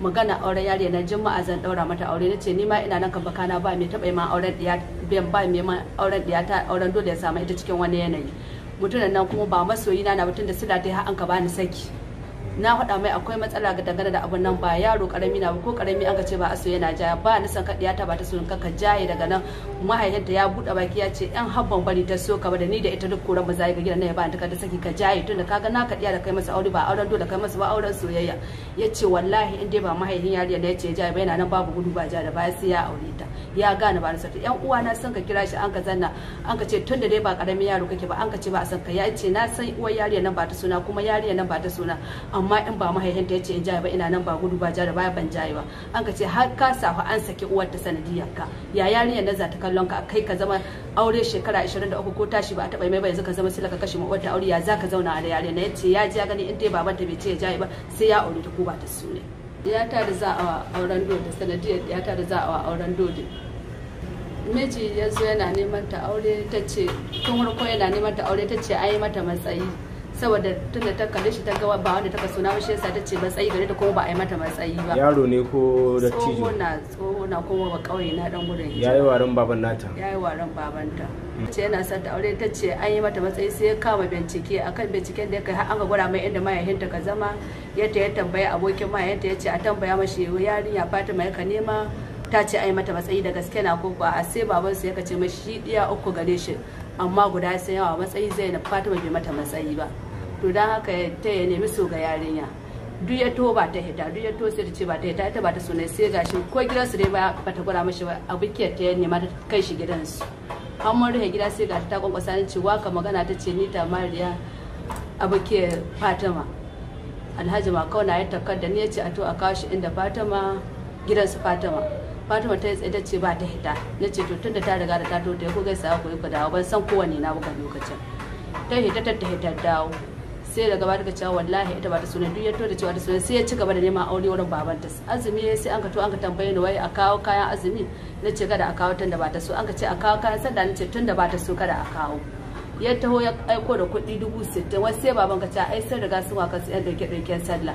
magana auren yari na juma'a zan daura mata aure na ce nima ina nan kan bakana ba mai taba ma auren diya ba mai ma auren diya ta auren dole ya samu ita cikin wani yanayi mutunan nan kuma ba masoyina na mutum da sila ta har an ka bani saki na faɗa mai akwai matsala ga dangane da abun nan ba yaro karami na ko karami an ka ce ba aso yana ja ba ni san kadiya ta ba ta sunan ka jaye daga nan mahaifinta ya buɗe baki ya ce ɗan habban bari ta so ka ba da ni da ita duk koran ba za ga gidan nan ya ba ta kada saki ka jaye tunda kaga na kaɗiya da kai masa aure ba auren dole kai masa ba auren soyayya ya ce wallahi in dai ba mahaifin yariya da ya ce jaye ba yana nan babu gudu ba ja da baya sai ya aure ta ya gane ba na sarta yan uwa na san ka kira shi an ka zanna an ka ce tunda dai ba karamin yaro kake ba an ka ce ba a san ka ya ce na san uwar yariya nan ba ta suna kuma yariya nan ba ta suna amma in ba mahaifinta ya ce in jaye ba ina nan ba gudu ba jara ba ban jaye ba an ka ce har ka safa an saki uwar ta sanadiyar ka ya yarinyar da za ta kallon ka kai ka zama aure shekara 23 ko tashi ba a taba mai ba yanzu ka zama sila ka kashe ma uwar ta aure ya za ka zauna da yarinyar na yace ya ji ya gani in dai baban ta bai ce ya jaye ba sai ya aure ta ko ba ta sune ya ta da za a auren dodi sanadiyar ya ta da za a auren dodi miji ya zo yana neman ta aure ta ce tun farko yana neman ta aure ta ce ai yi mata matsayi saboda tunda ta kalle shi ta gawa ba wanda ta kaso na shi yasa ta ce matsayi gare ta kuma ba a yi mata matsayi ba yaro ne ko da tijo tsoho na tsoho na kuma ba kauye na dan gudun yi waran baban nata Ya yayi waran babanta hmm. ce yana son ta aure ta ce an yi mata matsayi sai ya kama bincike akan binciken da ya kai har an ga gura mai inda mahaifinta ka zama yadda ya tambaya abokin mahaifinta ya ce a tambaya mashi yarinya Fatima ya ka nema ta ce ai mata matsayi da gaske na koko a sai baban su ya kace mashi diya uku gare shi amma guda sai yawa matsayi na Fatima bai mata matsayi ba to dan haka ta ya nemi so ga yarinya duk ya to ba ta hita duk ya to sai ta ce ba ta hita ita ba ta sunai sai gashi ko gidan su dai ba ta gura mishi ba abokiyar ta ya nema ta kai shi gidan su an mun rufe gida sai gashi ta kwankwasa ni ce ka magana ta ce ni ta mariya abokiyar fatima alhaji ma kauna ya takarda ni ya ce a to a kawo shi inda fatima gidan su fatima fatima ta tsaye ta ce ba ta hita na ce to tunda ta riga da ta to ta yi ko gaisa ku yi ku dawo ban san kowane na buga lokacin ta hita ta ta hita dawo sai da gaba daga cewa wallahi ita ba ta sunan duk yato da cewa ta sunan sai ya ci gaba da neman aure wurin babanta azumi sai an ka to an ka tambaye ni wai a kawo kayan azumi na ce kada a kawo tunda ba ta so an ka ce a kawo kayan sanda na ce tunda ba ta so kada a kawo ya taho ya aiko da kuɗi dubu sittin wasu sai baban ka ce ai sun riga sun waka su yan ɗauke ɗauken sallah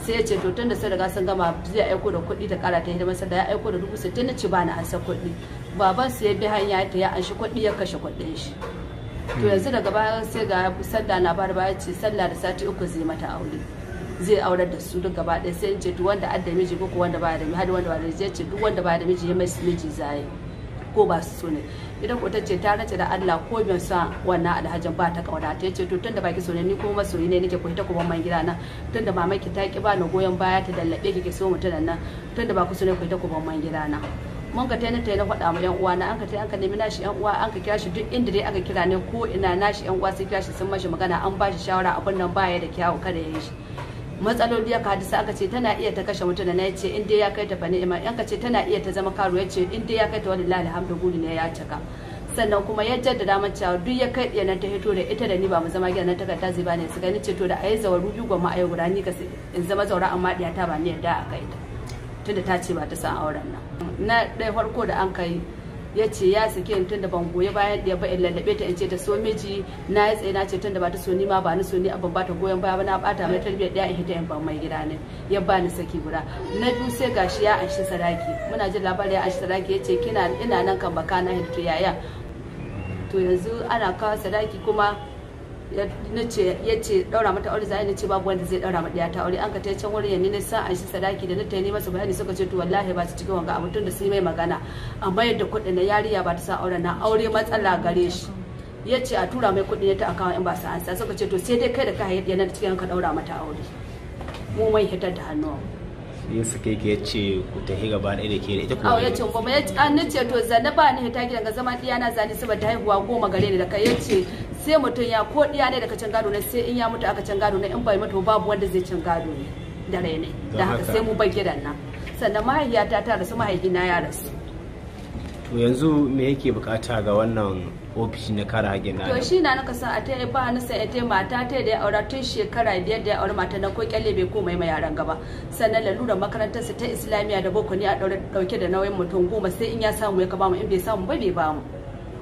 sai ya ce to tunda da sun riga sun gama zai aiko da kuɗi ta ƙara ta hidimar sallah ya aiko da dubu sittin na ce ba na sa kuɗi baban su ya bi hanya ta ya anshi kuɗi ya kashe kuɗin shi to yanzu daga baya sai ga sallah labar baya ce sallah da sati uku zai mata aure zai aurar da su duk gaba ɗaya sai in ce duk wanda adda miji ko wanda ba da miji hadi wanda ba da miji ce duk wanda ba da miji ya mai miji zai ko ba su so ne idan ko ce ta race da Allah ko bin sa wannan alhajin ba ta kauna ta ce to tunda baki so ne ni kuma masoyi ne nake ko ta kuma man gida nan tunda mamaki ta ki ba na goyon baya ta dallabe kike so mutunan nan tunda ba ku so ne koyi ta kuma man gida nan mun ka taina taina faɗa mu yan uwana an ka taina an ka nemi nashi yan uwa an ka kira shi duk inda dai aka kira ne ko ina nashi yan uwa sai kira shi sun mashi magana an ba shi shawara abin nan baya da kyawu kada ya yi shi matsaloli ya sai aka ce tana iya ta kashe mutum na ya ce in dai ya kai ta fani ni'ima an ka ce tana iya ta zama karu ya ce in dai ya kai ta wallahi alhamdu ne ya cika sannan kuma ya jaddada daman cewa duk ya kai nan ta hito da ita da ni ba mu zama gidan nan takarda zai bani su gani ce to da ayi zawaru biyu gwamma ayi guda ni ka in zama zaura amma ta ba ni yadda a kai ta tunda ta ce ba ta san auren nan na ɗaya farko da an kai ya ce ya sake ni tunda ban goyi bayan ɗaya ba in lallabe ta in ce ta so miji na ya tsaye na ce tunda ba ta so ni ma ba ni so ni abin ba ta goyon baya ba na bata mai tarbiyyar ɗaya in hita in ban mai gida ne ya ba ni saki guda na biyu sai gashi ya anshi sadaki muna jin labarin ya anshi sadaki ya ce kina ina nan kan baka na hito yaya to yanzu ana kawo sadaki kuma ya ce daura mata aure zai na ce babu wanda zai daura mata ta aure an ka ta wurin yanni na sa an shi sadaki da na ta masa bayani suka ce to wallahi ba su cikin wanga a tun da su mai magana amma yadda kuɗin na yariya ba ta sa aure na aure matsala gare shi ya ce a tura mai kuɗi ta akawa in ba su ansa suka ce to sai dai kai da ka hayyar yanar cikin ka daura mata aure mu mai hitar da hannu ya sake ki ya ce ku tafi gaba ɗaya da ke da ita kuma ya ce kuma ya ce an ce to zanne ba ni hita gidan ga zama ɗiya na zani saboda haihuwa goma gare ni da ka ya ce sai mutum ya ko diya ne daga can gado ne sai in ya mutu aka can gado ne in bai mutu babu wanda zai can gado ne da rai ne da haka sai mu bai gidan nan sannan mahaifiyata ta rasu mahaifina ya rasu to yanzu me yake bukata ga wannan ofishi na kare haƙƙin na to shi na naka sa a ta ba na sai ta mata ta da ya aura tun shekara biyar da ya mata na ko kyalle bai ko mai yaran gaba sannan lalurar makarantarsa ta islamiyya da boko ne a dauke da nauyin mutum goma sai in ya samu ya ka mu in bai samu ba bai bamu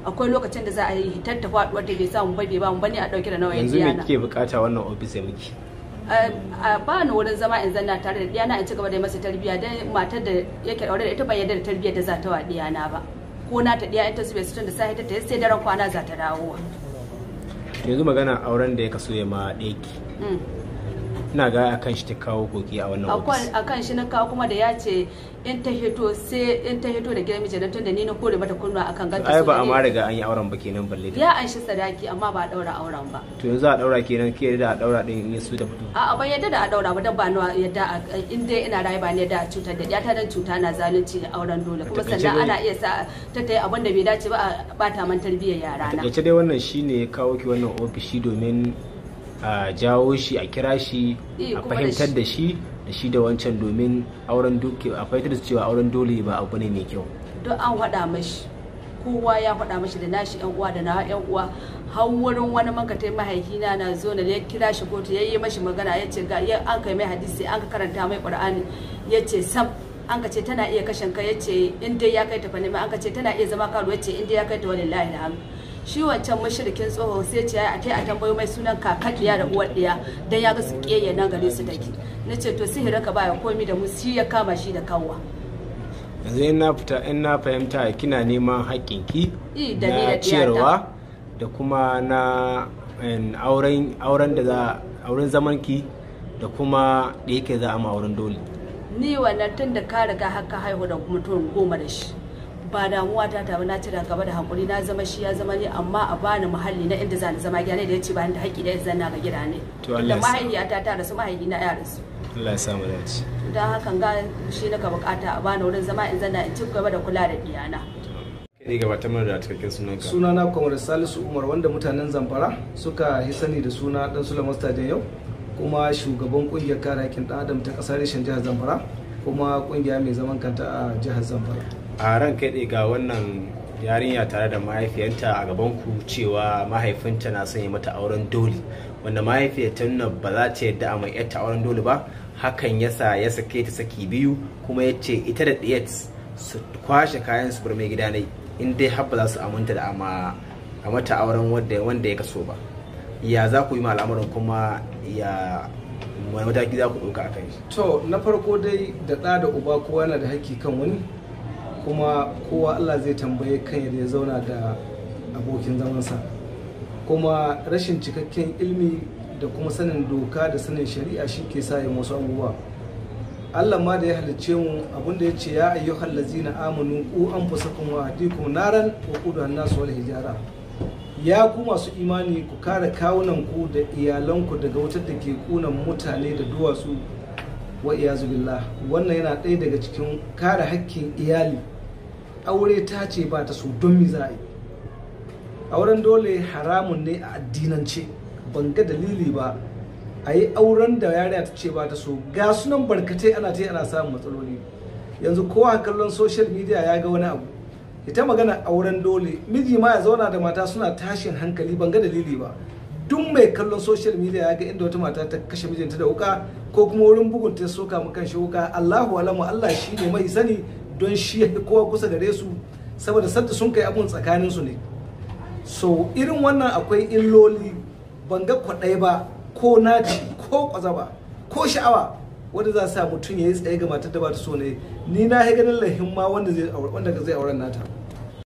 akwai lokacin da za a yi ta faduwar da bai samu ba bai ba mu bane a dauke da nawa diyana yanzu me kike bukata wannan office ya a ba ni wurin zama in zanna tare da diyana in ci gaba da masa tarbiyya dan matar da yake aure da ita ba yarda da tarbiyya da za ta wa diyana ba ko na ta diya ita su bai sutun da sai ta sai daren kwana za ta dawowa yanzu magana auren da ya kaso ya ma ɗeki mm. ina ga a kan shi ta kawo koki a wannan ofis a kan shi na kawo kuma da ya ce in ta hito sai in ta hito da gidan mijin tun da ni na kore mata kunnuwa akan ganta ai ba a ma riga an yi auren ba kenan balle ya an shi sadaki amma ba a daura auren ba to yanzu a daura kenan ke da a daura din in su da fito a a ban yadda da a daura ba dan ba nawa yadda in dai ina rayu ba ne da cutar da ta dan cuta na zalunci da auren dole kuma sannan ana iya sa ta tai abin da bai dace ba a bata man tarbiyyar yara na a dai wannan shine ya kawo ki wannan ofishi domin a jawo shi a kira shi eh, a fahimtar da shi da shi da wancan domin auren duke a fahimtar da cewa auren dole ba abu ne mai kyau don an faɗa mashi kowa ya faɗa mashi da nashi yan uwa da na yan uwa har wurin wani makatai mahaifina na zo na ya kira shi kotu ya yi mashi magana yace ga ya an kai mai hadisi an karanta mai qur'ani yace sam an ka ce tana iya kashin ka yace in dai ya kai ta fa ne an ka ce tana iya zama karuwa yace in dai ya kai ta wallahi alhamdu shi wancan mashirikin tsoho sai ce ya ake a tambayo mai sunan kaka diya da uwar diya dan ya ga su keye nan gare su dake na ce to sihira ka baya komi da mu shi ya kama shi da kawwa yanzu in fita in na fahimta kina neman haƙƙinki na ciyarwa da kuma na auren da za auren zamanki da kuma da yake za a ma auren dole ni wannan tun da ka riga haka haihu da mutum goma da shi ba damuwa ta tabi na cira gaba da hakuri na zama shi ya zama ne amma a bani muhalli na inda zan zama gida ne da yace ba ni da haƙƙi da zanna ga gida ne da mahaifiyata ta rasu mahaifi na ya rasu Allah ya mu dace dan hakan ga shi naka bukata a bani wurin zama in zanna in ci gaba da kula da iyana kai ta mana da cikakken suna sunana Kwamar Salisu Umar wanda mutanen Zamfara suka yi sani da suna Dan Sulaiman Stadium yau kuma shugaban kungiyar kare haƙƙin ɗan adam ta kasar reshen jihar Zamfara kuma kungiya mai zaman kanta a jihar Zamfara a ran kai ga wannan yarinya tare da mahaifiyarta a gaban ku cewa mahaifinta na son mata auren dole wanda mahaifiyarta nuna ba za ta yadda a mai yarta auren dole ba hakan yasa ya sake ta saki biyu kuma ya ce ita da ɗaya su kwashe kayan su bar mai gida ne in dai har ba za su aminta da a mata auren wanda ya kaso ba ya za ku yi al'amarin kuma ya wani mataki za ku ɗauka a kai to na farko dai da ɗa da uba kowa yana da hakki kan wani kuma kowa Allah zai tambaye kan yadda ya zauna da abokin zamansa kuma rashin cikakken ilmi da kuma sanin doka da sanin shari'a shi ke sa yin wasu abubuwa Allah ma da ya halicce mu abinda ya ce ya ayyuhal lazina amanu ku anfusakum wa ahdikum naran wa kudu an-nas wal hijara ya ku masu imani ku kare kawunan ku da iyalanku daga wutar da ke kunan mutane da duwatsu wa iyazu billah wannan yana ɗaya daga cikin kare hakkin iyali aure ta ce ba ta so don me za yi auren dole haramun ne a addinance ban ga dalili ba a yi auren da yariya ta ce ba ta so ga sunan barkatai ana ta ana samun matsaloli yanzu kowa kallon social media ya ga wani abu ita magana auren dole miji ma ya zauna da mata suna tashin hankali ban ga dalili ba duk mai kallon social media ya ga inda wata mata ta kashe mijinta da wuka ko kuma wurin bugun ta soka mu kan shi wuka Allahu alamu Allah shi ne mai sani don shi ya kowa kusa gare su saboda sadda sun kai abun tsakanin su ne so irin wannan akwai illoli ban ga kwaɗai ba ko naci ko kwaza ba ko sha'awa wanda za sa mutum ya yi tsaye ga matar da ba ta so ne ni na ganin lahin ma wanda zai auren nata